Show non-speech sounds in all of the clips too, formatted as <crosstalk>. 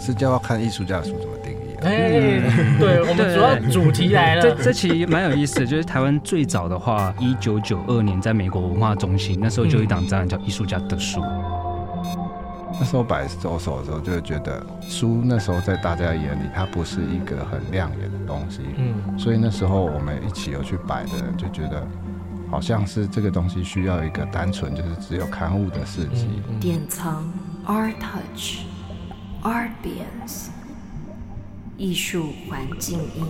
是叫我看藝術家的書怎麼定義，啊？哎、欸，對，我們主要主題來了。 <laughs> 這這期蠻有意思的，就是台灣最早的話，一九九二年在美國文化中心，那時候就有一檔展覽叫《藝術家的書》嗯。那時候擺左手的時候，就會覺得書那時候在大家的眼裡，它不是一個很亮眼的東西。嗯，所以那時候我們一起有去擺的人，就覺得好像是這個東西需要一個單純，就是只有刊物的設計。典、嗯、藏 Art Touch。Arbians 藝術環境音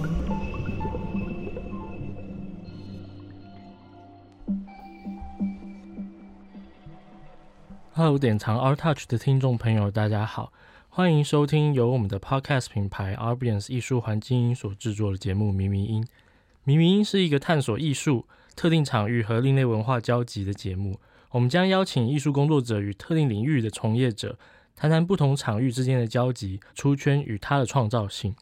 ，Hello，典藏 ARTouch 的聽眾朋友，大家好，歡迎收聽由我們的 Podcast 品牌 Arbians 藝術環境音所制作的節目《謎迷音》。《謎迷音》是一個探索藝術特定場域和另類文化交集的節目，我們將邀請藝術工作者與特定領域的從業者。談談不同場域之間的交集、出圈與他的創造性。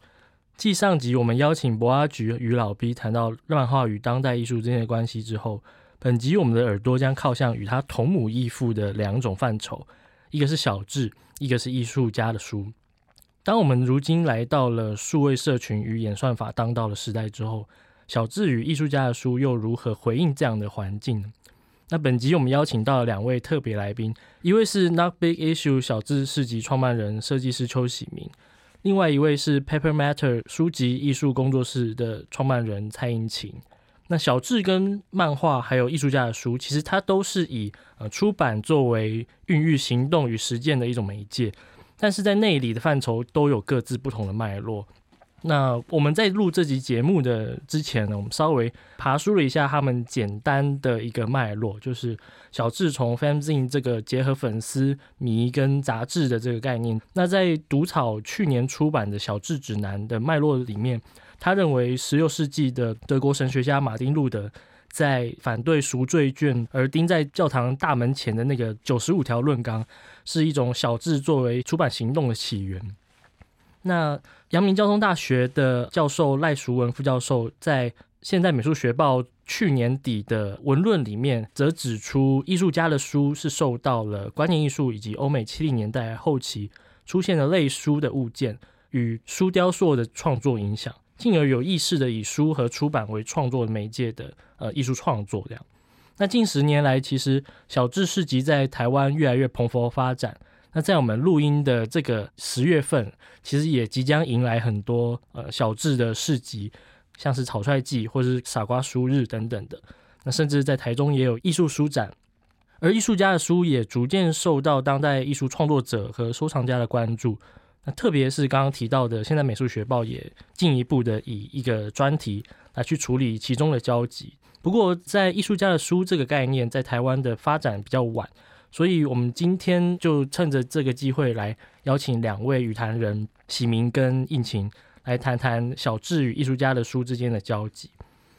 繼上集我們邀請博阿菊與老畢談到漫畫與當代藝術之間的關係之後，本集我們的耳朵將靠向與他同母異父的兩種範疇，一個是小誌，一個是藝術家的書。當我們如今來到了數位社群與演算法當道的時代之後，小誌與藝術家的書又如何回應這樣的環境？那本集我們邀請到了兩位特別來賓，一位是 Not Big Issue 小誌市集創辦人設計師邱璽民，另外一位是 Paper Matter 書籍藝術工作室的創辦人蔡胤勤。那小誌跟漫畫還有藝術家的書，其實它都是以呃出版作為孕育行動與實踐的一種媒介，但是在內裡的範疇都有各自不同的脈絡。那我們在錄這集節目的之前呢，我們稍微爬梳了一下他們簡單的一個脈絡，就是小志從 Fanzine 這個結合粉絲迷跟雜誌的這個概念。那在毒草去年出版的《小志指南》的脈絡裡面，他認為十六世紀的德國神學家馬丁路德在反對贖罪券而釘在教堂大門前的那個九十五條論綱，是一種小志作為出版行動的起源。那陽明交通大學的教授賴雯淑副教授在《現代美術學報》去年底的文論裡面，則指出，藝術家的書是受到了觀念藝術以及歐美七零年代後期出現的類書的物件與書雕塑的創作影響，進而有意識地以書和出版為創作媒介的呃藝術創作。這樣，那近十年來，其實小誌市集在台灣越來越蓬勃發展。那在我們錄音的這個十月份，其實也即將迎來很多呃小誌的市集，像是草率祭或者是傻瓜書日等等的。那甚至在台中也有藝術書展，而藝術家的書也逐漸受到當代藝術創作者和收藏家的關注。那特別是剛剛提到的，現代美術學報也進一步的以一個專題來去處理其中的交集。不過，在藝術家的書這個概念在台灣的發展比較晚。所以，我們今天就趁着這個機會來邀請兩位與談人，璽民跟胤勤，來談談小誌與藝術家的書之間的交集。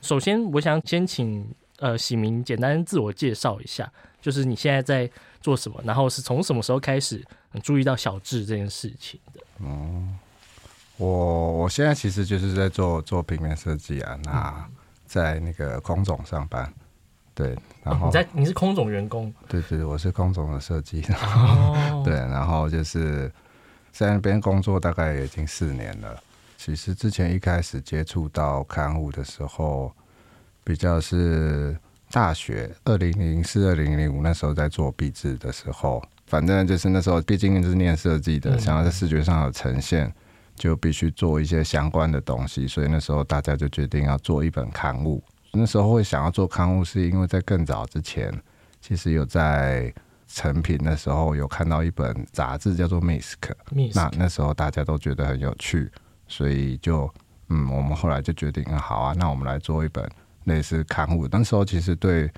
首先，我想先請呃璽民簡單自我介紹一下，就是你現在在做什麼，然後是從什麼時候開始注意到小誌這件事情的？嗯，我我現在其實就是在做做平面設計啊，那在那個空總上班。對，然後、哦、你在你是空總員工，對對，我是空總的設計師，對，然後就是在那邊工作大概也已經四年了。其實之前一開始接觸到刊物的時候，比較是大學二零零四二零零五那時候在做畢制的時候，反正就是那時候畢竟是念設計的，想要在視覺上有呈現，就必須做一些相關的東西，所以那時候大家就決定要做一本刊物。那時候會想要做刊物，是因為在更早之前，其實有在成品的時候有看到一本雜誌叫做《Misc》，那那時候大家都覺得很有趣，所以就嗯，我們後來就決定好啊，那我們來做一本類似刊物。那時候其實對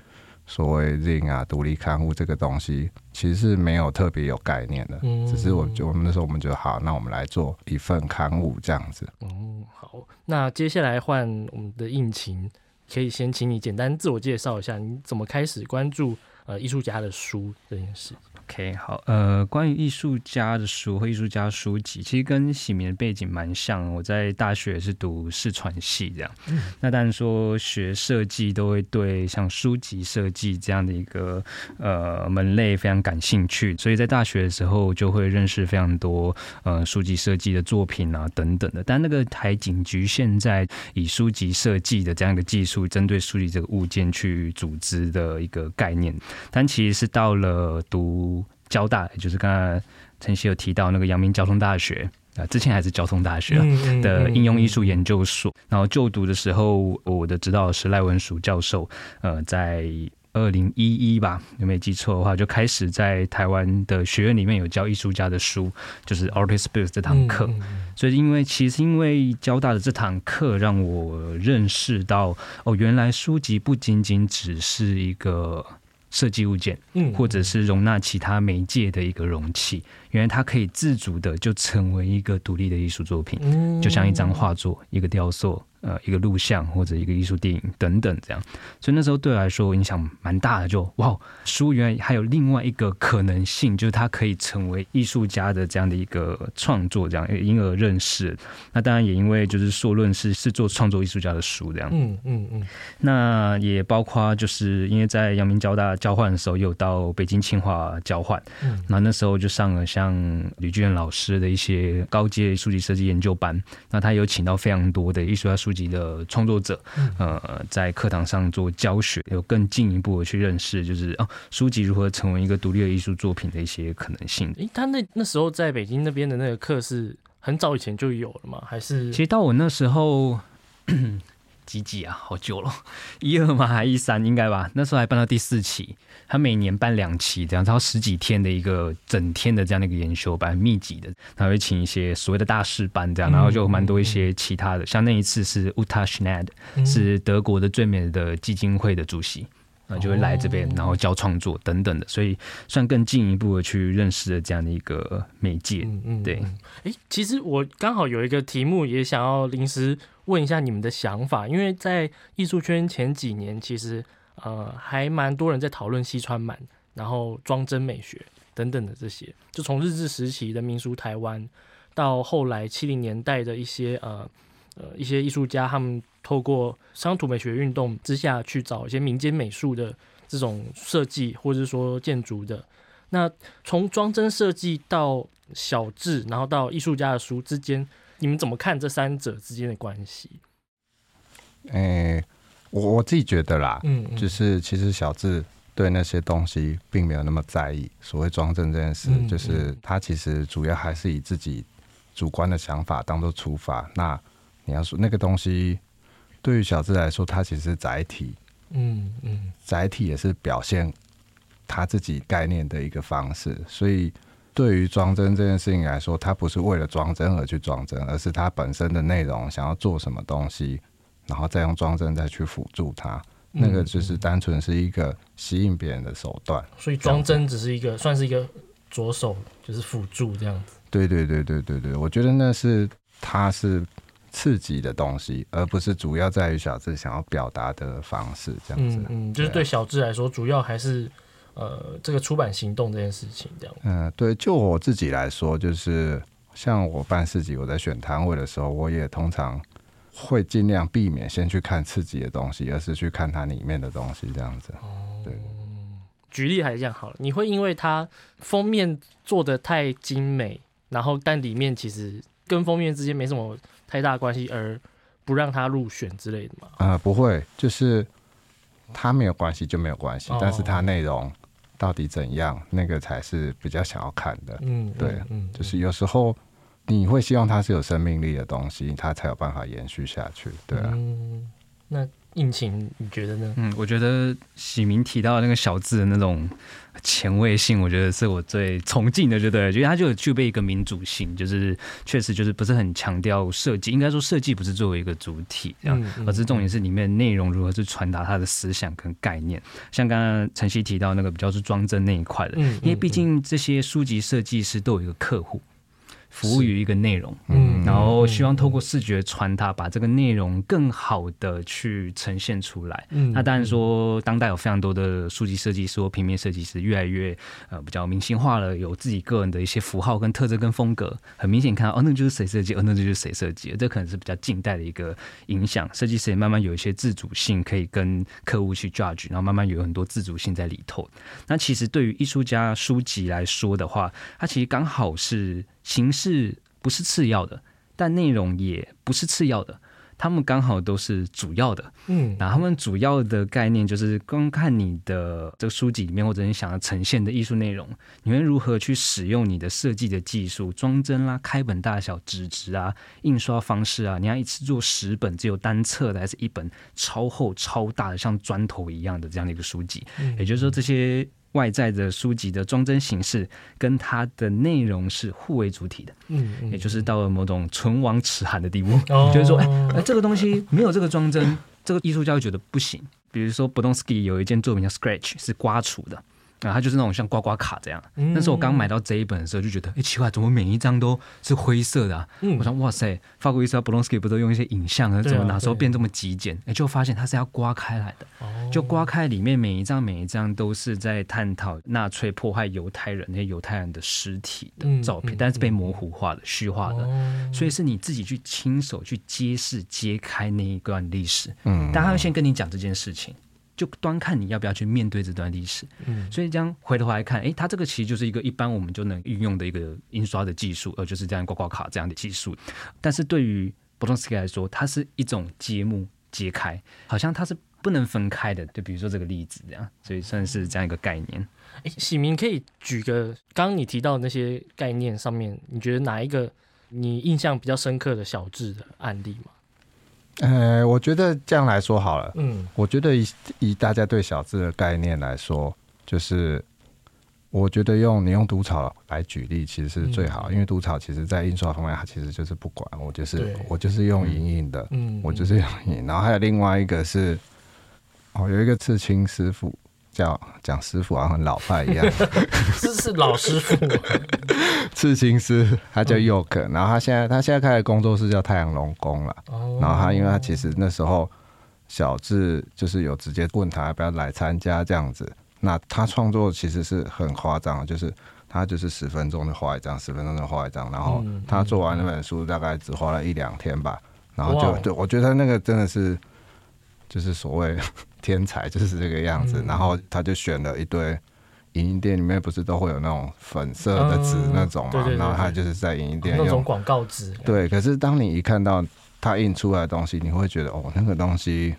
所謂 “Zine 啊”獨立刊物這個東西，其實是沒有特別有概念的，嗯、只是我覺得我們那時候我們覺得好，那我們來做一份刊物這樣子。哦、嗯，好，那接下來換我們的胤勤。可以先請你簡單自我介紹一下，你怎麼開始關注呃，藝術家的書這件事。OK，好。呃，關於藝術家的書和藝術家書籍，其實跟璽民的背景蠻像。我在大學是讀視傳系這樣。嗯。那當然說學設計都會對像書籍設計這樣的一個呃門類非常感興趣，所以在大學的時候就會認識非常多呃書籍設計的作品啊等等的。但那個還僅侷限在以書籍設計的這樣一個技術，針對書籍這個物件去組織的一個概念。但其實是到了讀交大，就是剛才陳晞有提到那個陽明交通大學啊、呃，之前還是交通大學的應用藝術研究所、嗯嗯。然後就讀的時候，我的指導的是賴雯淑教授。呃，在二零一一吧，有沒有記錯的話，就開始在台灣的學院裡面有教藝術家的書，就是 Artists' Books 這堂課、嗯嗯。所以，因為其實因為交大的這堂課，讓我認識到哦，原來書籍不僅僅只是一個。設計物件，或者是容納其他媒介的一個容器，原來它可以自主的就成為一個獨立的藝術作品，就像一張畫作，一個雕塑。呃，一個錄像或者一個藝術電影等等，這樣，所以那時候對我來說影響蠻大的，就哇，書原來還有另外一個可能性，就是他可以成為藝術家的這樣的一個創作，這樣因而認識。那當然也因為就是碩論是是做創作藝術家的書這樣，嗯嗯嗯。那也包括就是因為在陽明交大交換的時候，也有到北京清華交換，嗯，那那時候就上了像呂敬人老師的一些高階書籍設計研究班，那他也有請到非常多的藝術家書。書籍的創作者、嗯、呃，在課堂上做教學，有更進一步的去認識，就是哦、啊，書籍如何成為一個獨立的藝術作品的一些可能性。誒、欸，他那那時候在北京那邊的那個課是很早以前就有了嗎？還是其實到我那時候。 <coughs> 幾幾啊？好久了，一二嘛？還一三應該吧？那時候還辦到第四期，他每年辦兩期這樣，然後十幾天的一個整天的這樣的一個研修班，密集的，然後會請一些所謂的大師班這樣，然後就蠻多一些其他的，嗯嗯嗯、像那一次是 Uta Schneider、嗯、是德國的最美的基金會的主席，那、嗯、就會來這邊然後教創作等等的，所以算更進一步的去認識了這樣的一個媒介、嗯嗯。對。哎、欸，其實我剛好有一個題目也想要臨時，問一下你們的想法，因為在藝術圈前幾年，其實呃還蠻多人在討論西川滿，然後裝幀美學等等的這些。就從日治時期的民俗台灣，到後來七零年代的一些呃呃一些藝術家，他們透過鄉土美學運動之下去找一些民間美術的這種設計，或者是說建築的。那從裝幀設計到小志，然後到藝術家的書之間。你們怎麼看這三者之間的關係？哎、欸，我我自己覺得啦，嗯，嗯，就是其實小誌對那些東西並沒有那麼在意所謂裝幀正的。所謂裝幀這件事，就是他其實主要還是以自己主觀的想法當做出發。那你要說那個東西對於小誌來說，它其實是載體，嗯嗯，載體也是表現他自己概念的一個方式，所以。對於裝幀這件事情來說，它不是為了裝幀而去裝幀，而是它本身的內容想要做什麼東西，然後再用裝幀再去輔助它。嗯，那個就是單純是一個吸引別人的手段。所以裝幀只是一個，算是一個左手，就是輔助這樣子。對對對對對對，我覺得那是它是刺激的東西，而不是主要在於小誌想要表達的方式這樣子。嗯嗯，就是對小誌來說，主要還是。呃，這個出版行動這件事情，這樣子。嗯、呃，對，就我自己來說，就是像我辦市集，我在選攤位的時候，我也通常會盡量避免先去看刺激的東西，而是去看它裡面的東西，這樣子。哦、嗯，對。舉例還是這樣好了，你會因為它封面做得太精美，然後但裡面其實跟封面之間沒什麼太大關係，而不讓它入選之類的嗎？啊、呃，不會，就是它沒有關係就沒有關係、哦，但是它內容。到底怎樣，那個才是比較想要看的。嗯，對，嗯，就是有時候你會希望它是有生命力的東西，它才有辦法延續下去，對啊。嗯，胤勤，你覺得呢？嗯，我覺得璽民提到那個小誌的那種前衛性，我覺得是我最崇敬的，就對了，因為他就有具備一個民主性，就是確實就是不是很強調設計，應該說設計不是作為一個主體這樣，嗯，嗯，而是重點是裡面內容如何去傳達他的思想跟概念。像剛剛陳晞提到那個比較是裝幀那一塊的，嗯嗯，因為畢竟這些書籍設計師都有一個客戶。嗯嗯服務於一個內容，嗯，然後希望透過視覺傳達，把這個內容更好的去呈現出來。嗯，那當然說，當代有非常多的書籍設計師和平面設計師越來越呃比較明星化了，有自己個人的一些符號跟特徵跟風格。很明顯看到哦，那就是誰設計，哦，那就是誰設計。哦，這可能是比較近代的一個影響。設計師也慢慢有一些自主性，可以跟客戶去 judge，然後慢慢有很多自主性在裡頭。那其實對於藝術家書籍來說的話，它其實剛好是。形式不是次要的，但內容也不是次要的，他們剛好都是主要的。嗯，那他們主要的概念就是，光看你的這個書籍裡面，或者你想要呈現的藝術內容，你們如何去使用你的設計的技術，裝幀啦、啊、開本大小、紙質啊、印刷方式啊，你要一次做十本，只有單冊的，還是一本超厚、超大的，像磚頭一樣的這樣的一個書籍，嗯嗯，也就是說這些。外在的書籍的裝幀形式跟它的內容是互為主體的、嗯嗯，也就是到了某種唇亡齒寒的地步。嗯、你就是說，哎、哦欸，這個東西沒有這個裝幀、嗯，這個藝術家會覺得不行。比如說 Boltanski 有一件作品叫 Scratch，是刮除的，啊，它就是那種像刮刮卡這樣。嗯、但是我剛買到這一本的時候，就覺得，哎、欸，奇怪，怎麼每一張都是灰色的、啊嗯？我想，哇塞，法國藝術家 Boltanski 不都用一些影像，嗯、怎麼哪時候變這麼極簡、啊啊啊欸？就發現它是要刮開來的。哦就刮開裡面每一張，每一張都是在探討納粹破壞猶太人那些猶太人的屍體的照片、嗯，但是被模糊化了、虛、嗯、化了、哦，所以是你自己去親手去揭示、揭開那一段歷史。嗯，但他要先跟你講這件事情，就端看你要不要去面對這段歷史。嗯，所以這樣回頭來看，哎，他這個其實就是一個一般我們就能運用的一個印刷的技術，呃，就是這樣刮刮卡這樣的技術。但是對於布通斯基來說，它是一種揭幕、揭開，好像它是。不能分開的，就比如說這個例子這樣，所以算是這樣一個概念。哎、嗯，璽民可以舉個剛，剛你提到的那些概念上面，你覺得哪一個你印象比較深刻的小誌的案例嗎？呃，我覺得這樣來說好了。嗯，我覺得以，以大家對小誌的概念來說，就是我覺得用你用毒草來舉例其實是最好，嗯，因為毒草其實在印刷方面它其實就是不管，我就是我就是用影印的，嗯，我就是用影。然後還有另外一個是。哦，有一個刺青師傅叫蔣師傅，好像很老派一樣。這是老師傅，刺青師，他叫 Yoke，、嗯、然後他現在他現在開的工作室叫太陽龍宮了、哦。然後他，因為他其實那時候小誌就是有直接問他要不要來參加這樣子。那他創作其實是很誇張的，就是他就是十分鐘就畫一張，十分鐘就畫一張，然後他做完那本書大概只花了一兩天吧，然後就對，就我覺得他那個真的是就是所謂。天才就是這個樣子、嗯，然後他就選了一堆。影音店裡面不是都會有那種粉色的紙那種嘛、啊？然、嗯、後他就是在影音店用、哦、那種廣告紙。對，可是當你一看到他印出來的東西，你會覺得哦，那個東西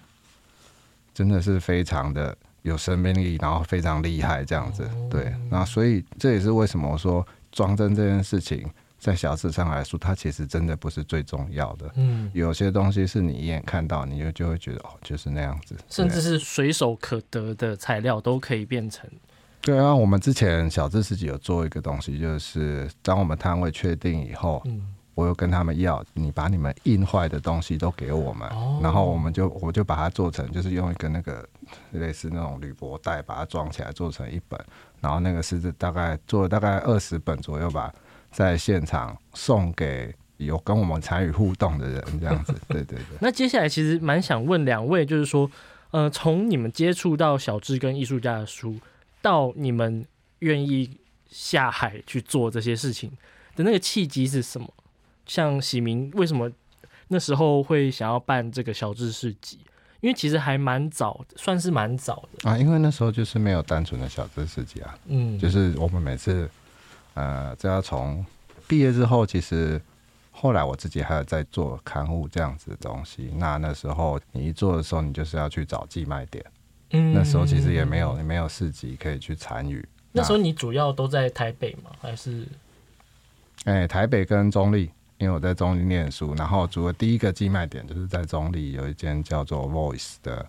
真的是非常的有生命力，然後非常厲害這樣子。嗯、對，那所以這也是為什麼我說裝幀這件事情。在小誌上來說，它其實真的不是最重要的。嗯，有些東西是你一眼看到，你就就會覺得哦，就是那樣子。甚至是隨手可得的材料都可以變成。對啊，我們之前小誌自己有做一個東西，就是當我們攤位確定以後，嗯，我有跟他們要，你把你們印壞的東西都給我們，哦、然後我們就我就把它做成，就是用一個那個類似那種鋁箔袋把它裝起來，做成一本。然後那個是大概做了大概二十本左右吧。在現場送給有跟我們參與互動的人，這樣子，對對對。 <laughs> 那接下來其實蠻想問兩位，就是說，呃，從你們接觸到小誌跟藝術家的書，到你們願意下海去做這些事情的那個契機是什麼？像璽民為什麼那時候會想要辦這個小誌市集？因為其實還蠻早，算是蠻早的啊，因為那時候就是沒有單純的小誌市集啊，嗯，就是我們每次。呃，這要從畢業之後，其實後來我自己還有在做刊物這樣子的東西。那那時候你一做的時候，你就是要去找寄賣點。嗯，那時候其實也沒有也沒有市集可以去參與。那時候你主要都在台北嗎？還是？哎、欸，台北跟中壢，因為我在中壢念書，然後主要第一個寄賣點就是在中壢有一間叫做 Voice 的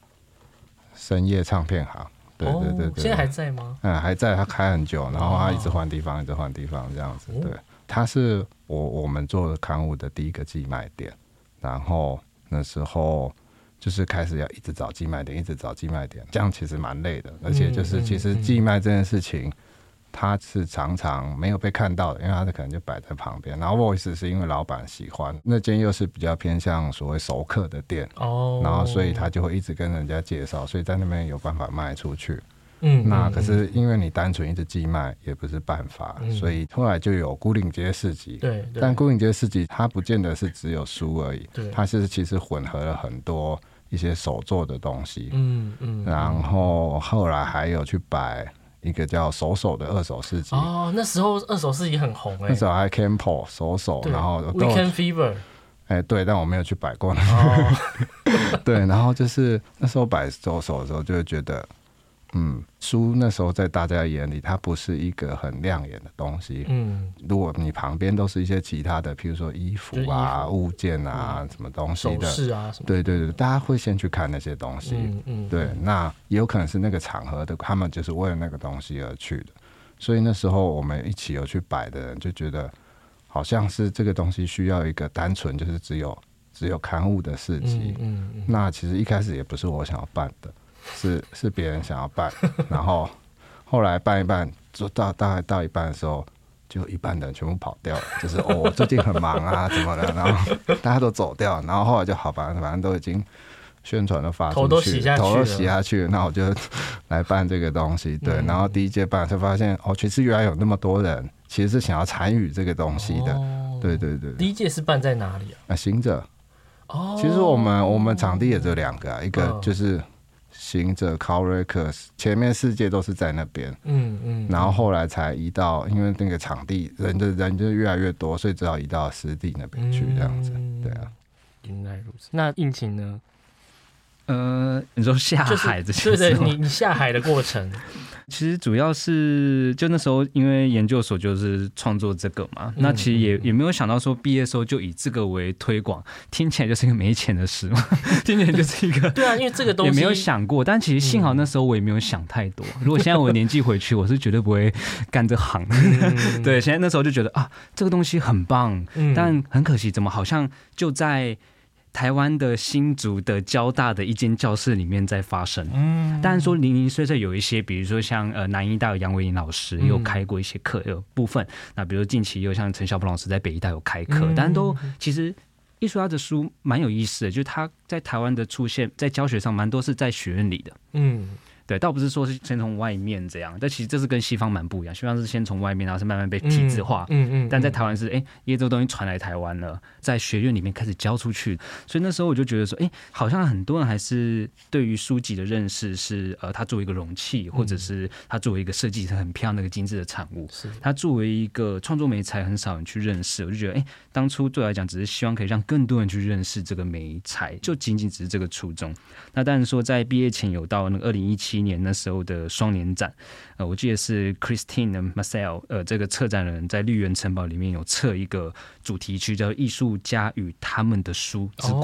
深夜唱片行。對，對對對，現在還在嗎？嗯，還在，他開很久，然後他一直換地方，哦、一直換地方這樣子。對，他是我我們做的刊物的第一個寄賣點，然後那時候就是開始要一直找寄賣點，一直找寄賣點，這樣其實蠻累的，而且就是其實寄賣這件事情。嗯嗯嗯他是常常沒有被看到的，因為他的可能就擺在旁邊。然後 Voice 是因為老闆喜歡那間，又是比較偏向所謂熟客的店哦、oh，然後所以他就會一直跟人家介紹，所以在那邊有辦法賣出去。嗯，那可是因為你單純一直寄賣，嗯嗯，也不是辦法，嗯，所以後來就有牯嶺街市集。對，對但牯嶺街市集它不見得是只有書而已，對，它是其實混合了很多一些手作的東西。嗯嗯，然後後來還有去擺。一個叫手手的二手市集哦，那時候二手市集很紅哎、欸，那時候還 campo 手手，然後 We Can Fever，哎、欸、對，但我沒有去擺過那個，哦、 <laughs> 對，然後就是那時候擺手手的時候，就會覺得。嗯，書那時候在大家眼裡，它不是一個很亮眼的東西。嗯，如果你旁邊都是一些其他的，譬如說衣服啊、服啊物件啊、嗯、什麼東西的，啊什麼，對對對，大家會先去看那些東西。嗯、嗯對，那也有可能是那個場合的，他們就是為了那個東西而去的。所以那時候我們一起有去擺的人，就覺得好像是這個東西需要一個單純就是只有只有刊物的市集。嗯、嗯，那其實一開始也不是我想要辦的。嗯是是別人想要辦，然後後來辦一辦，就到大概到一半的時候，就一半的人全部跑掉了，就是哦我最近很忙啊，什麼的，然後大家都走掉，然後後來就好吧，反正都已經宣傳都發出去，頭都洗下去了，頭都洗下去，那我就來辦這個東西，對，嗯、然後第一屆辦才發現哦，其實原來有那麼多人其實是想要參與這個東西的、哦，對對對。第一屆是辦在哪裡啊？啊、呃，行者哦，其實我們我們場地也只有兩個、啊，一個就是。行者 Calrecs 前面世界，都是在那邊、嗯嗯，然後後來才移到，嗯、因為那個場地人的人就越來越多，所以只好移到濕地那邊去、嗯、這樣子，對啊。原來如此。那胤勤呢？呃，你說下海這些，就是，對對，你你下海的過程， <laughs> 其實主要是就那時候，因為研究所就是創作這個嘛，嗯、那其實也也沒有想到說畢業的時候就以這個為推廣、嗯嗯，聽起來就是一個沒錢的事嘛， <laughs> 聽起來就是一個，對，對啊，因為這個東西也沒有想過，但其實幸好那時候我也沒有想太多，嗯、如果現在我年紀回去，我是絕對不會幹這行的，嗯、 <laughs> 對，現在那時候就覺得啊，這個東西很棒，但很可惜，怎麼好像就在。台灣的新竹的交大的一間教室裡面在發生，但是說零零碎碎有一些，比如說像呃南藝大有楊維英老師也有開過一些課，有部分，那比如近期又像陳小波老師在北藝大有開課，但都其實藝術家的書蠻有意思的，就是他在台灣的出現，在教學上蠻多是在學院裡的，嗯。對，倒不是說是先從外面這樣，但其實這是跟西方蠻不一樣。西方是先從外面，然後是慢慢被體制化。嗯嗯，嗯。但在台灣是，哎，耶，這個東西傳來台灣了，在學院裡面開始教出去。所以那時候我就覺得說，哎，好像很多人還是對於書籍的認識是，呃，他作為一個容器，嗯、或者是他作為一個設計是很漂亮、一個精緻的產物。是。他作為一個創作媒材很少人去認識。我就覺得，哎，當初對我來講，只是希望可以讓更多人去認識這個媒材，就僅僅只是這個初衷。那但是說，在畢業前有到那個二零一七。今年那時候的雙年展，呃，我記得是 Christine and Marcel，呃，這個策展人在綠園城堡裡面有策一個主題區，叫“藝術家與他們的書”之，哦、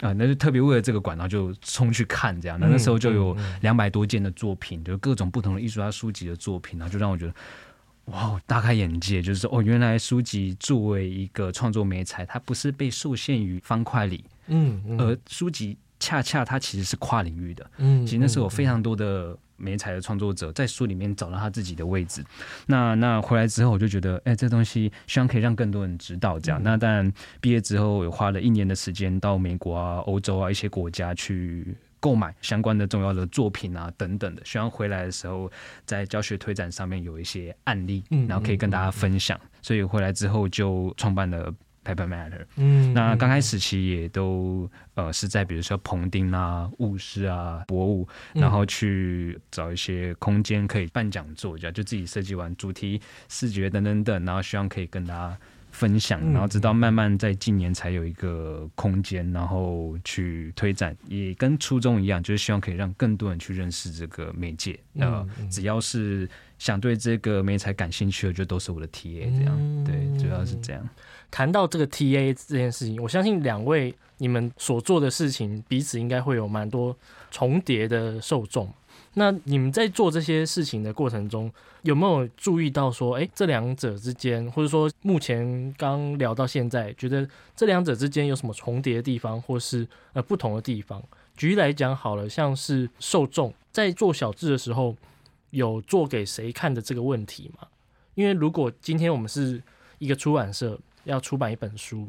館，啊、呃，那就特別為了這個館，然後就衝去看這樣。那那時候就有兩百多件的作品、嗯，就各種不同的藝術家書籍的作品，然後就讓我覺得哇，大開眼界，就是說哦，原來書籍作為一個創作媒材，它不是被受限於方塊裡，嗯，而書籍。恰恰他其實是跨領域的，嗯，其實那時候有非常多的媒材的創作者在書裡面找到他自己的位置。嗯、那那回來之後，我就覺得，哎，這東西希望可以讓更多人知道。這樣、嗯，那當然畢業之後，我花了一年的時間到美國啊、歐洲啊一些國家去購買相關的重要的作品啊等等的，希望回來的時候在教學推展上面有一些案例，嗯、然後可以跟大家分享、嗯嗯嗯。所以回來之後就創辦了。Paper Matter、嗯。嗯，那剛開始其實也都呃是在比如說朋丁啊、物事啊、博物，然後去找一些空間可以辦講座，就、嗯、就自己設計完主題、視覺等，等等等，然後希望可以跟大家分享。嗯、然後直到慢慢在近年才有一個空間，然後去推展、嗯，也跟初衷一樣，就是希望可以讓更多人去認識這個媒介。啊、嗯呃，只要是想對這個媒材感興趣的，就都是我的 TA。這樣、嗯，對，主要是這樣。談到這個 TA 這件事情，我相信兩位你們所做的事情彼此應該會有蠻多重疊的受眾。那你們在做這些事情的過程中，有沒有注意到說，誒、欸，這兩者之間，或者說目前剛聊到現在，覺得這兩者之間有什麼重疊的地方，或是呃不同的地方？舉例來講好了，像是受眾在做小誌的時候，有做給誰看的這個問題嗎？因為如果今天我們是一個出版社。要出版一本書，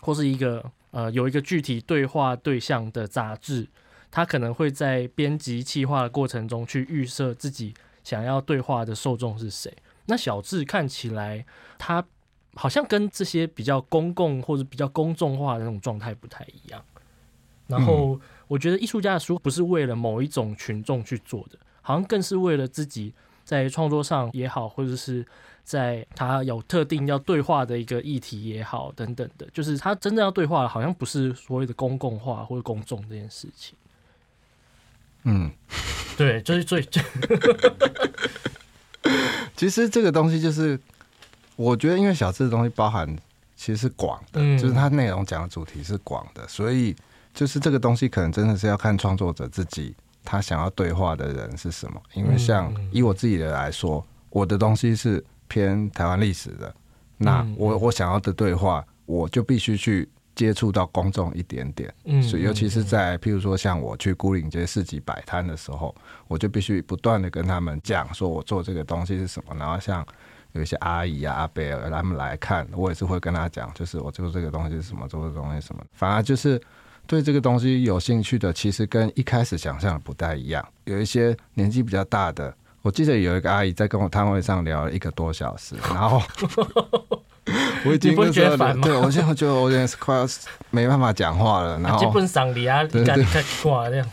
或是一個呃有一個具體對話對象的雜誌，他可能會在編輯企劃的過程中去預設自己想要對話的受眾是誰。那小誌看起來，他好像跟這些比較公共或者比較公眾化的那種狀態不太一樣。然後我覺得藝術家的書不是為了某一種群眾去做的，好像更是為了自己在創作上也好，或者是。在他有特定要對話的一個議題也好，等等的，就是他真正要對話，好像不是所謂的公共化或者公眾這件事情。嗯，對，就是最， <laughs> <laughs> 其實這個東西就是，我覺得因為小誌的東西包含其實是廣的，嗯，就是它內容講的主題是廣的，所以就是這個東西可能真的是要看創作者自己他想要對話的人是什麼，因為像以我自己的來說，嗯嗯，我的東西是。偏台灣歷史的，那我我想要對的對話，我就必須去接觸到公眾一點點，所、嗯、以、嗯嗯、尤其是在譬如說像我去牯嶺街市集擺攤的時候，我就必須不斷的跟他們講說，我做這個東西是什麼，然後像有一些阿姨啊、阿伯、啊，他們來看，我也是會跟他講，就是我做這個東西是什麼，做這個東西是什麼，反而就是對這個東西有興趣的，其實跟一開始想象的不太一樣，有一些年紀比較大的。我記得有一個阿姨在跟我攤位上聊了一個多小時，然後 <laughs> <laughs> 我已經不覺得煩，對我現在覺得我也是快要沒辦法講話了， <laughs> 然後、啊、基本上你啊，對對對，這樣，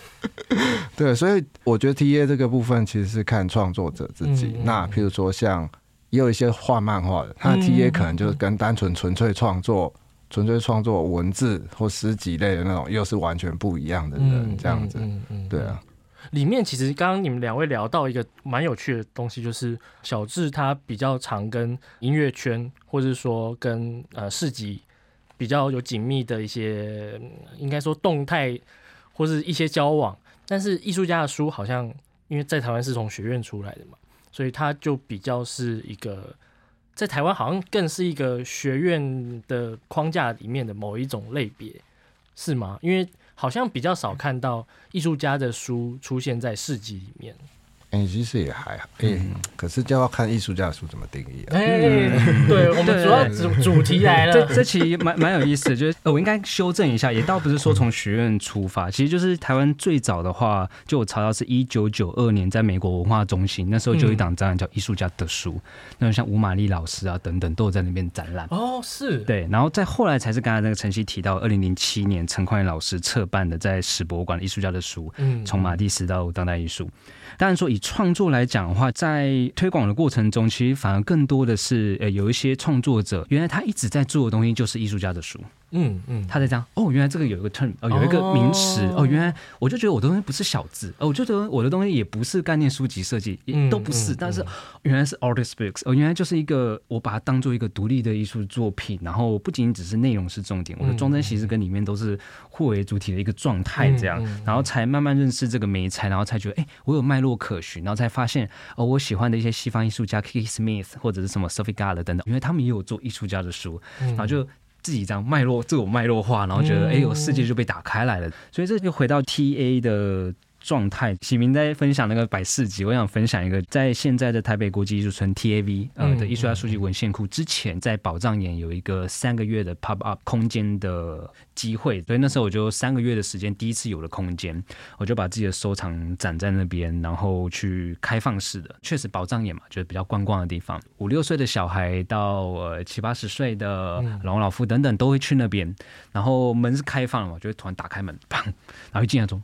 對，所以我覺得 T A 這個部分其實是看創作者自己。嗯嗯，那譬如說，像也有一些畫漫畫的嗯嗯，他的 T A 可能就是跟單純純粹創作、純、嗯嗯、粹創作文字或詩集類的那種，又是完全不一樣的人，嗯嗯嗯嗯嗯這樣子，對啊。裡面其實剛剛你們兩位聊到一個蠻有趣的東西，就是小誌他比較常跟音樂圈，或者說跟呃市集比較有緊密的一些，應該說動態或是一些交往。但是藝術家的書好像，因為在台灣是從學院出來的嘛，所以他就比較是一個在台灣好像更是一個學院的框架裡面的某一種類別，是嗎？因為。好像比較少看到藝術家的書出現在市集裡面。哎、欸，其實也還好。欸嗯、可是就要看藝術家的書怎麼定義了，啊。哎、欸，對，我們主要主主題來了。 <laughs> 這這期蠻蠻有意思的，就是，呃、我應該修正一下，也倒不是說從學院出發，其實就是台灣最早的話，就我查到是一九九二年在美國文化中心，那時候就有一檔展覽叫藝術家的書，嗯、那種像吳瑪麗老師啊等等都有在那邊展覽。哦，是。對，然後再後來才是剛才那個陳晞提到二零零七年陳寬寧老師策辦在石的在史博物館藝術家的書，嗯，從馬蒂斯到當代藝術。當然說，以創作來講的話，在推廣的過程中，其實反而更多的是，呃，有一些創作者，原來他一直在做的東西就是藝術家的書。嗯嗯，他在講哦，原來這個有一個 term 哦，有一個名詞哦、呃，原來我就覺得我的東西不是小誌，哦、呃，我就覺得我的東西也不是概念書籍設計，都不是、嗯嗯嗯，但是原來是 artist books，哦、呃，原來就是一個我把它當做一個獨立的藝術作品，然後不僅僅只是內容是重點，嗯嗯、我的裝幀其實跟裡面都是互為主體的一個狀態這樣、嗯嗯嗯，然後才慢慢認識這個媒材，然後才覺得哎、欸，我有脈絡可循，然後才發現哦、呃，我喜歡的一些西方藝術家，Kiki Smith 或者是什麼 Sophie Gall 等等，因為他們也有做藝術家的書，然後就。嗯自己這樣脈絡，自我脈絡化，然後覺得哎呦、嗯欸、世界就被打開來了，所以這就回到 T A 的。狀態，璽民在分享那個百事集，我想分享一個，在現在的台北國際藝術村 TAV 嗯、呃、的藝術家書籍文獻庫、嗯嗯嗯、之前，在寶藏巖有一個三個月的 pop up 空間的機會，所以那時候我就三個月的時間，第一次有了空間，我就把自己的收藏展在那邊，然後去開放式的，確實寶藏巖嘛，就是比較觀光，光的地方，五六歲的小孩到七八十歲的老夫老婦等等都會去那邊，然後門是開放的嘛，就會突然打開門，砰，然後一進來中。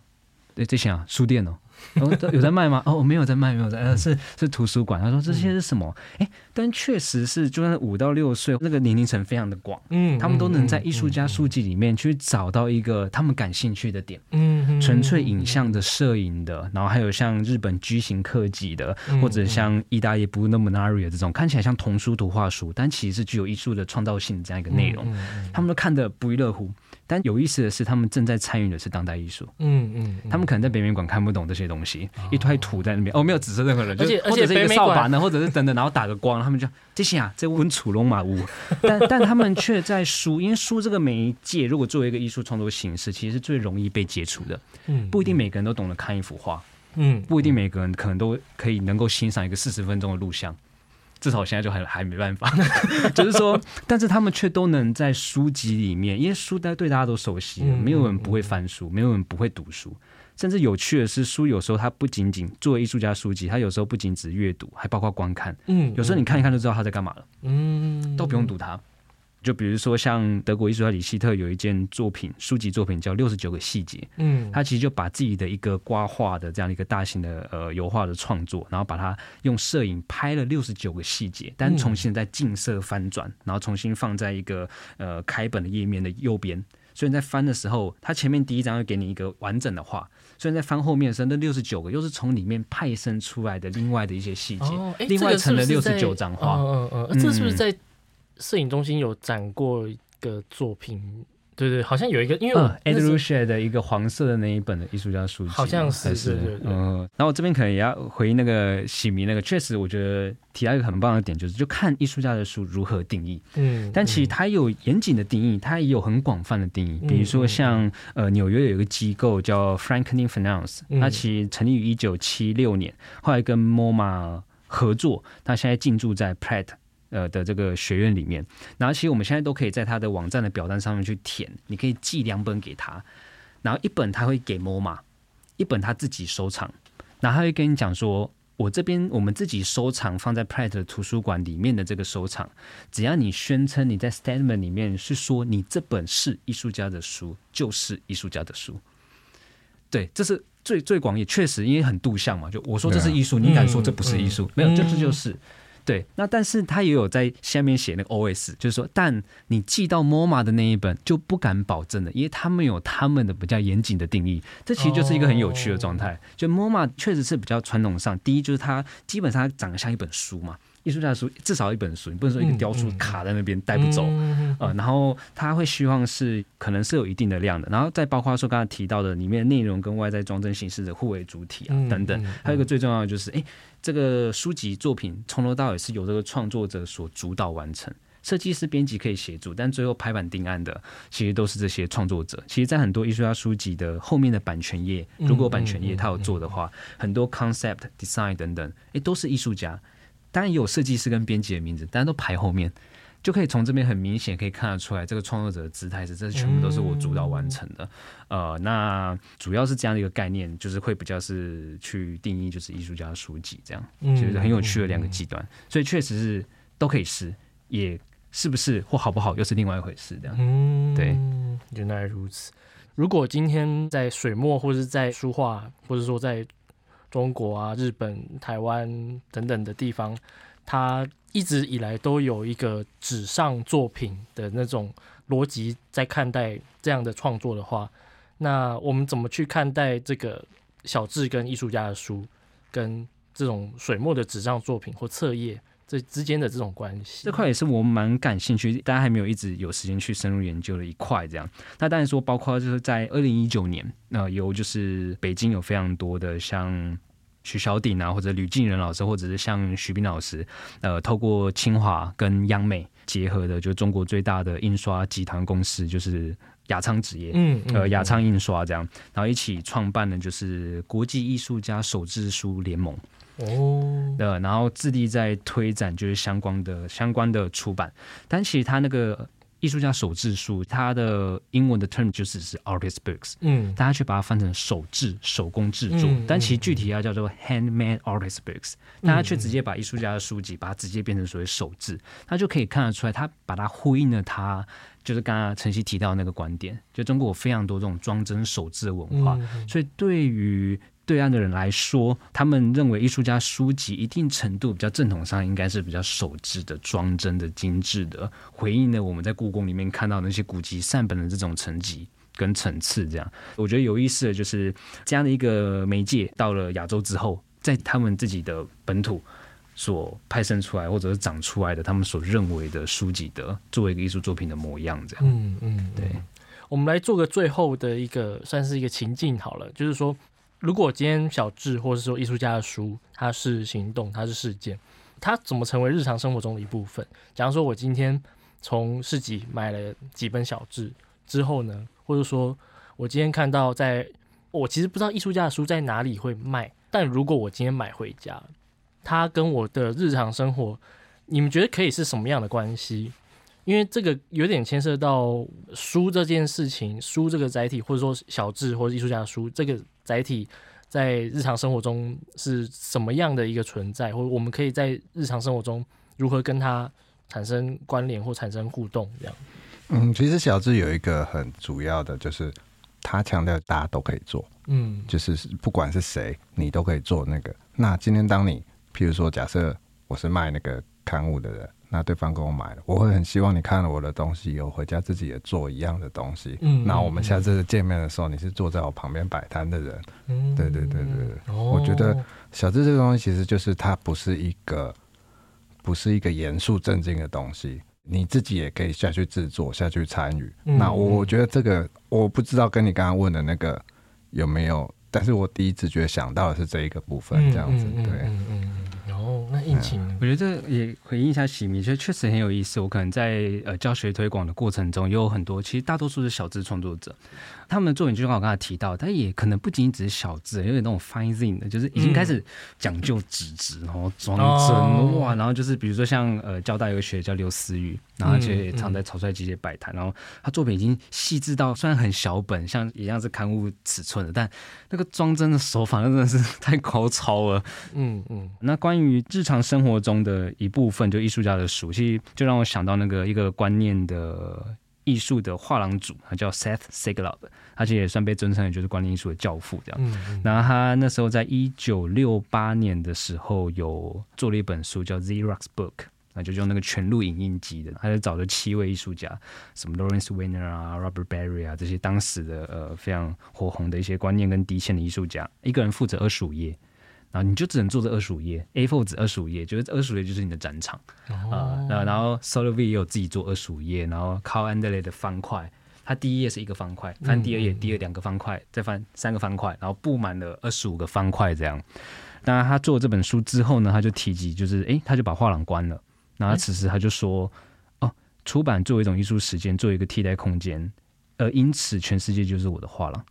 對這些啊，書店哦，哦有在賣嗎？ <laughs> 哦，沒有在賣，沒有在，呃、是是圖書館。他、嗯、說這些是什麼？哎、嗯，但確實是，就算五到六歲那個年齡層非常的廣，嗯，嗯，他們都能在藝術家書籍裡面去找到一個他們感興趣的點，嗯，嗯，純粹影像的、嗯嗯、攝影的，然後還有像日本巨型科技的、嗯，或者像意大利布諾曼尼亞這種看起來像童書圖畫書，但其實是具有藝術的創造性的這樣一個內容，嗯嗯、他們都看得不亦樂乎。但有意思的是，他們正在參與的是當代藝術。嗯嗯，嗯，他們可能在北美館看不懂這些東西，嗯，一堆土在那邊哦。哦，沒有，指著任何人，而且就而且是一個掃把呢， <laughs> 或者是等等，然後打個光，他們就這些啊，這，溫楚龍馬屋。 <laughs> 但但他們卻在書，因為書這個媒介，如果作為一個藝術創作形式，其實是最容易被接觸的。嗯，不一定每個人都懂得看一幅畫。嗯，不一定每個人可能都可以能夠欣賞一個四十分鐘的錄像。至少我現在就很，還沒辦法， <laughs> 就是說，但是他們卻都能在書籍裡面，因為書大家對大家都熟悉，沒有人不會翻書，嗯嗯嗯，沒有人不會讀書。甚至有趣的是，書有時候它不僅僅作為藝術家書籍，它有時候不僅只閱讀，還包括觀看。嗯，嗯，有時候你看一看就知道他在幹嘛了，嗯，嗯，都不用讀它。就比如說，像德國藝術家里希特有一件作品，書籍作品叫《六十九個細節》。嗯，他其實就把自己的一個刮畫的這樣的一個大型的呃油畫的創作，然後把它用攝影拍了六十九個細節，但重新再鏡射翻轉、嗯，然後重新放在一個呃開本的頁面的右邊。所以，在翻的時候，他前面第一張會給你一個完整的畫。所以在翻後面的時候，那六十九個又是從裡面派生出來的另外的一些細節，哦、另外成了六十九張畫。嗯嗯嗯，這個、是不是在？嗯嗯攝影中心有展過一個作品，對對，好像有一個，因為 Ed Ruscha 的一個黃色的那一本的藝術家書好像是還是對對對對嗯。然後我這邊可能也要回那個喜迷那個，確實我覺得提到一個很棒的點，就是就看藝術家的書如何定義。嗯，但其實它有嚴謹的定義，它也有很廣泛的定義。比如說像、嗯、呃紐約有一個機構叫 Franklin Furnace、嗯、它其實成立於一九七六年，後來跟 MoMA 合作，它現在進駐在 Pratt 呃的這個學院裡面，然後其實我們現在都可以在他的網站的表單上面去填，你可以寄兩本給他，然後一本他會給 MoMA 嘛，一本他自己收藏，然後他會跟你講說，我這邊我們自己收藏放在 Pratt 圖書館裡面的這個收藏，只要你宣稱你在 Statement 裡面是說你這本是藝術家的書，就是藝術家的書，對，這是最最廣義確實，因為很杜象嘛，就我說這是藝術，啊、你敢說這不是藝術？嗯、沒有，這、就、這、是、就是。嗯對，那但是他也有在下面寫那個 OS，就是說，但你寄到 MoMA 的那一本就不敢保證了，因為他們有他們的比較嚴謹的定義，這其實就是一個很有趣的狀態。Oh. 就 MoMA 確實是比較傳統上，第一就是他基本上長得像一本書嘛。藝術家的書至少一本書，你不能說一個雕塑卡在那邊帶不走，嗯嗯嗯呃、然後他會希望是可能是有一定的量的，然後再包括說剛才提到的裡面的內容跟外在裝幀形式的互為主體啊等等，嗯嗯嗯。還有一個最重要的就是，哎，這個書籍作品從頭到尾是由這個創作者所主導完成，設計師、編輯可以協助，但最後拍板定案的其實都是這些創作者。其實，在很多藝術家書籍的後面的版權頁，如果版權頁他有做的話，嗯嗯嗯嗯、很多 concept design 等等，哎，都是藝術家。當然也有設計師跟編輯的名字，但都排後面，就可以從這邊很明顯可以看得出來，這個創作者的姿態是，這是全部都是我主導完成的、嗯。呃，那主要是這樣的一個概念，就是會比較是去定義，就是藝術家的書籍這樣，嗯、就是很有趣的兩個極端、嗯。所以確實是都可以試，也是不是或好不好，又是另外一回事。這樣，嗯、對，原來如此。如果今天在水墨，或是在書畫，或者說在中國啊、日本、台灣等等的地方，它一直以來都有一個紙上作品的那種邏輯在看待這樣的創作的話，那我們怎麼去看待這個小誌跟藝術家的書，跟這種水墨的紙上作品或冊頁？這之間的這種關係，這塊也是我蠻感興趣，大家還沒有一直有時間去深入研究的一塊。這樣，那當然說，包括就是在二零一九年，那、呃、由就是北京有非常多的像徐小鼎啊，或者呂敬人老師，或者是像徐斌老師，呃，透過清華跟央美結合的，就中國最大的印刷集團公司，就是雅昌紙業，嗯，嗯，呃，雅昌印刷這樣，然後一起創辦的就是國際藝術家手制書聯盟。哦、oh.，對，然後致力在推展就是相關的相關的出版，但其實他那個藝術家手制書，它的英文的 term 就是是 artist books。嗯，大家卻把它翻成手制手工製作、嗯嗯，但其實具體要叫做 handmade artist books，大、嗯、家卻直接把藝術家的書籍把它直接變成所謂手制，那、嗯、就可以看得出來，他把它呼應了他，他就是剛剛陳晞提到那個觀點，就中國有非常多這種裝幀手制的文化，嗯嗯、所以對於。對岸的人來說，他們認為藝術家書籍一定程度比較正統上應該是比較手製的、裝幀的、精緻的，回應了我們在故宮裡面看到那些古籍善本的這種層級跟層次。這樣，我覺得有意思的就是這樣的一個媒介到了亞洲之後，在他們自己的本土所派生出來或者是長出來的，他們所認為的書籍的作為一個藝術作品的模樣，這樣。嗯嗯，對。我們來做個最後的一個算是一個情境好了，就是說。如果今天小誌，或者說藝術家的書，它是行動，它是事件，它怎麼成為日常生活中的一部分？假如說我今天從市集買了幾本小誌之後呢，或者說我今天看到在，在我其實不知道藝術家的書在哪裡會賣，但如果我今天買回家，它跟我的日常生活，你們覺得可以是什麼樣的關係？因為這個有點牽涉到書這件事情，書這個載體，或者說小誌或者藝術家的書這個。載體在日常生活中是什麼樣的一個存在，或者我們可以在日常生活中如何跟它產生關聯或產生互動？這樣。嗯，其實小誌有一個很主要的，就是他強調大家都可以做，嗯，就是不管是誰，你都可以做那個。那今天當你，譬如說，假設我是賣那個刊物的人。那對方給我買的，我會很希望你看了我的東西以後回家自己也做一樣的東西。嗯、嗯、嗯，那我們下次見面的時候，你是坐在我旁邊擺攤的人，嗯。對對對對、對、哦、我覺得小誌這個東西其實就是它不是一個，不是一個嚴肅正經的東西。你自己也可以下去制作，下去參與、嗯嗯。那我覺得這個我不知道跟你剛剛問的那個有沒有，但是我第一次覺得想到的是這一個部分這樣子。嗯嗯嗯嗯嗯嗯對，哦，那印情，嗯，我覺得這也回應一下喜民，覺確實很有意思。我可能在呃教學推廣的過程中，也有很多其實大多數是小字創作者，他們的作品就像我剛才提到，但也可能不僅僅只是小字，有點那種翻 i n 的，就是已經開始講究紙質，然後裝幀、嗯、哇，然後就是比如說像呃交大有個學叫劉思雨，然後就也常在草率集結擺攤、嗯嗯，然後他作品已經細緻到雖然很小本，像也像是刊物尺寸的，但那個裝幀的手法那真的是太高超了。嗯嗯，那關於。日常生活中的一部分，就藝術家的書，其實就讓我想到那個一個觀念的藝術的畫廊主，叫 Seth Siegelaub 他其實也算被尊稱為就是觀念藝術的教父這樣。嗯嗯然後他那時候在一九六八年的時候有做了一本書叫 Xerox Book，就用那個全錄影印機的，他就找了七位藝術家，什麼 Lawrence Weiner 啊、Robert Barry 啊這些當時的呃非常火紅的一些觀念跟底線的藝術家，一個人負責二十五頁。然後你就只能做這二十五頁，A4 紙二十五頁，就是二十五頁就是你的展場、哦呃、然後 Sol LeWitt 也有自己做二十五頁，然後 Carl Andre 的方塊，他第一頁是一個方塊，翻第二頁嗯嗯嗯第二兩個方塊，再翻三個方塊，然後布滿了二十五個方塊這樣。當然他做這本書之後呢，他就提及就是，哎，他就把畫廊關了。然後此時他就說，嗯、哦，出版作為一種藝術實踐，做一個替代空間，而因此全世界就是我的畫廊。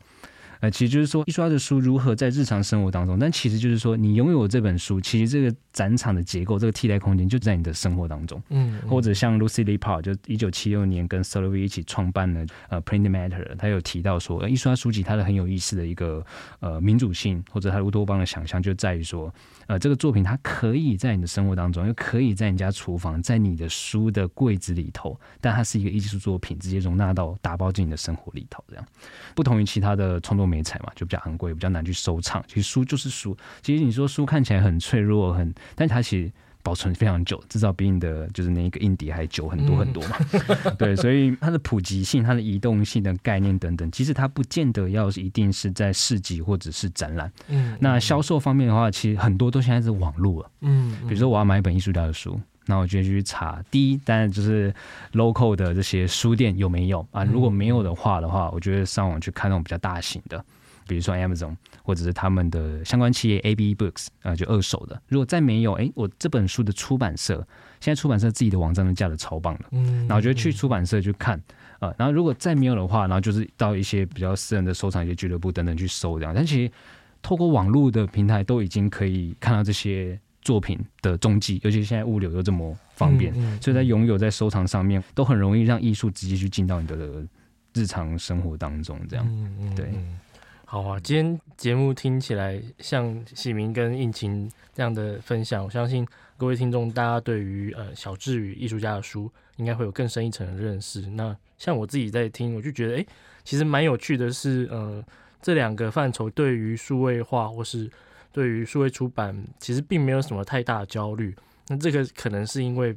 呃，其實就是說，印刷的書如何在日常生活當中？但其實就是說，你擁有這本書，其實這個展場的結構，這個替代空間就在你的生活當中。嗯，嗯，或者像 Lucy Lippard 就一九七六年跟 Sol LeWitt 一起創辦了呃 Print Matter，他有提到說，印刷書籍它的很有意思的一個呃民主性，或者它的烏托邦的想象，就在於說。呃，這個作品它可以在你的生活當中，又可以在你家廚房、在你的書的櫃子裡頭，但它是一個藝術作品，直接容納到打包進你的生活裡頭，這樣，不同於其他的創作媒材嘛，就比較昂貴，比較難去收藏。其實書就是書，其實你說書看起來很脆弱，很，但它其實。保存非常久，至少比你的就是那一個硬碟還久很多很多嘛、嗯。對，所以它的普及性、它的移動性的概念等等，其實它不見得要是一定是在市集或者是展覽、嗯。嗯，那銷售方面的話，其實很多都現在是網絡了嗯。嗯，比如說我要買一本藝術家的書，那我就去查第一，當然，就是 local 的這些書店有沒有啊。如果沒有的話的話，我就會上網去看那種比較大型的。比如說 Amazon 或者是他們的相關企業 AbeBooks 啊、呃，就二手的。如果再沒有哎，我這本書的出版社，現在出版社自己的網站都架得超棒的、嗯嗯嗯，然後我得去出版社去看、呃、然後如果再沒有的話，然後就是到一些比較私人的收藏一些俱樂部等等去搜這樣。但其實透過網絡的平台都已經可以看到這些作品的蹤跡，尤其現在物流又這麼方便，嗯嗯嗯、所以，在擁有在收藏上面都很容易讓藝術直接去進到你的日常生活當中這樣，對。嗯嗯嗯好啊，今天節目聽起來像璽民跟胤勤這樣的分享，我相信各位聽眾大家對於呃小誌與藝術家的書應該會有更深一層的認識。那像我自己在聽，我就覺得誒，其實蠻有趣的是，是呃這兩個範疇對於數位化或是對於數位出版，其實並沒有什麼太大的焦慮。那這個可能是因為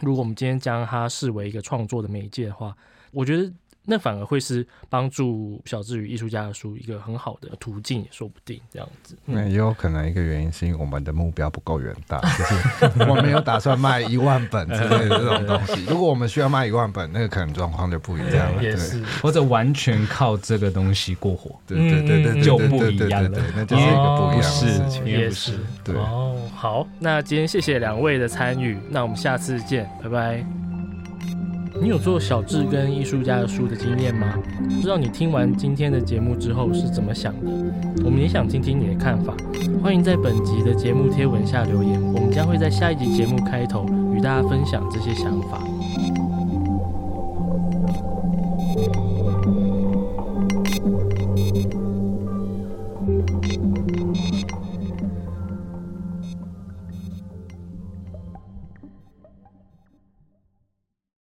如果我們今天將它視為一個創作的媒介的話，我覺得。那反而會是幫助小志與藝術家的書一個很好的途徑，也說不定這樣子。那、嗯、也有可能一個原因是因為我們的目標不夠遠大， <laughs> 就是我們沒有打算賣一萬本之類的這種東西。 <laughs> 如果我們需要賣一萬本，那個可能狀況就不一樣了。對也是或者完全靠這個東西過活，嗯、對，對，對，對對對對，就不一樣了。對對對對那就是一個不一樣的事情，哦、不是也是，也不是對。哦，好，那今天謝謝兩位的參與，那我們下次見，拜拜。你有做小誌跟藝術家的書的經驗嗎？不知道你聽完今天的節目之後是怎麼想的？我們也想聽聽你的看法。歡迎在本集的節目貼文下留言，我們將會在下一集節目開頭與大家分享這些想法。